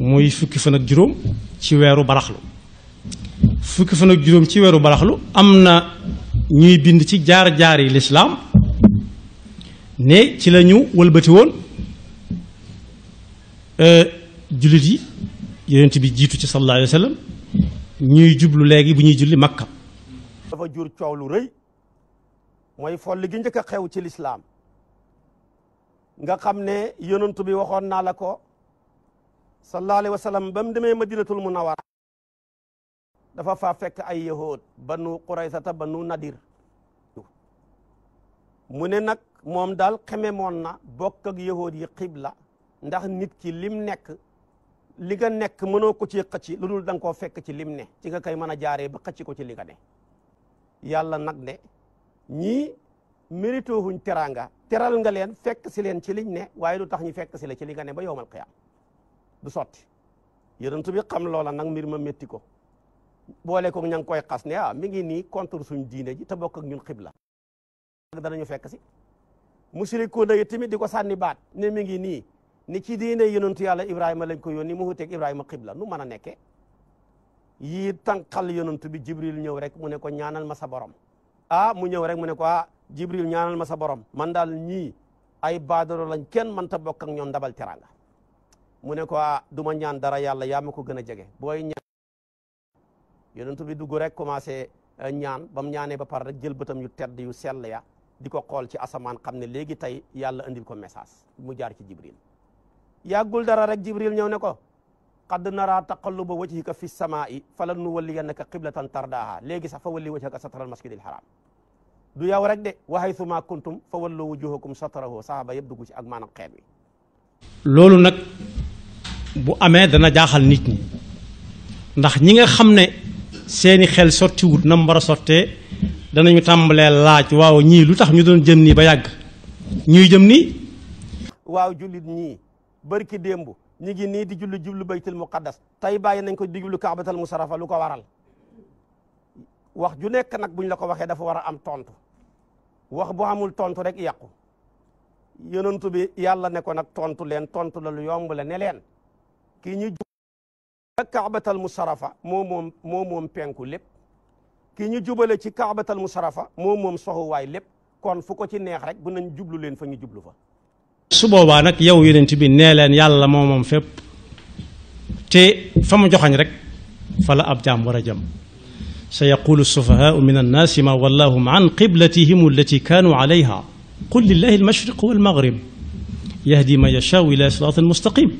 muy fukki fan ak juróom ci weeru baraxlu fukki fan ak juróom ci weeru baraxlu am na ñuy bind ci jaar-jaar yi lislaam ne ci la ñu wëlbati woon euh, jullit yi yonent bi jiitu ci sallallahu alayhi ñuy jublu léegi bu ñuy julli makka. dafa jur coow lu rëy mooy folli gi njëkk xew ci lislaam nga xam ne yonent bi waxoon naa la ko. sallallahu alayhi wa sallam ba mu demee madinatul munawara dafa faa fekk ay yahud banu quraysata banu nadir mu ne nag moom daal xeme moon na bokk ak yahud yi xibla ndax nit ki lim nekk li nga nekk mënoo ko ci xëcc lu dul da nga koo fekk ci lim ne ci nga koy mën a jaaree ba xëcc ko ci li nga ne yàlla nag ne ñii mérito wuñ teraanga teral nga leen fekk si leen ci liñ ne waaye du tax ñu fekk si la ci li nga ne ba yowmal qiyaam du sotti yonent bi xam loola nag mbir ma métti ko boole ko ña ngi koy xas ne ah mi ngi nii contre suñ diine ji te bokk ak ñun xibla danañu fekk si mushrikuuna yi tamit di ko sànni baat ne mi ngi nii ni ki diine yonentu yàlla ibrahima lañ ko yónni mu wuteeg ibrahima xibla nu mën a nekkee yii tànqal yonent bi jibril ñëw rek mu ne ko ñaanal ma sa borom ah mu ñëw rek mu ne ko ah jibril ñaanal ma sa borom man daal ñii ay baadoro lañ kenn mënta bokk ak ñoom dabal teranga mu ne ko ah, du ma ñaan dara yàlla yaa ma ko gën a jege booy ñaan yonent bi dugg rek commencé eh, ñaan bam mu ñaanee ba pare rek jël bëtam yu tedd yu sell ya di ko xool ci asamaan xam ne léegi tey yàlla andil ko message mu jaar ci jibril yàggul dara rek jibril ñëw ne ko qad nara taqalluba wajhika fi samaa'i falan nuwalliyannaka qiblatan tardaaha léegi sax fa walli wajhaka satral masjidil haram du yow rek de wa haythuma kuntum fa wallu wujuhakum satrahu sahaba yëpp dugg ci ak maanaam xeet wi bu amee dana jaaxal nit ñi ndax ñi nga xam ne seeni xel sottiwut na mu war a sottee danañu tàmbalee laaj waaw ñii lu tax ñu doon jëm nii ba yàgg ñuy jëm nii. waaw jullit ñii barki démb ñu ngi nii di julli jublu baytul muqaddas tey bàyyi nañ ko di jublu kaabatal musarafa lu ko waral wax ju nekk nag buñ la ko waxee dafa war a am tontu wax bu amul tontu rek yàqu yonentu bi yàlla nekkoon ko nag tontu leen tontu la lu ne leen. ki ñu jubale kaabatal musarafa moo moom moo moom penku lépp ki ñu jubale ci kaabatal musarafa moo moom soxuwaay lépp kon fu ko ci neex rek bu nañ jublu leen fa ñu jublu fa su boba nak yow yonent bi nee leen yàlla moo moom fépp te fa mu joxañ rek fa la ab jaam war a jëm سيقول السفهاء من الناس ما ولاهم عن قبلتهم التي كانوا عليها قل لله المشرق والمغرب يهدي ما يشاء الى صراط مستقيم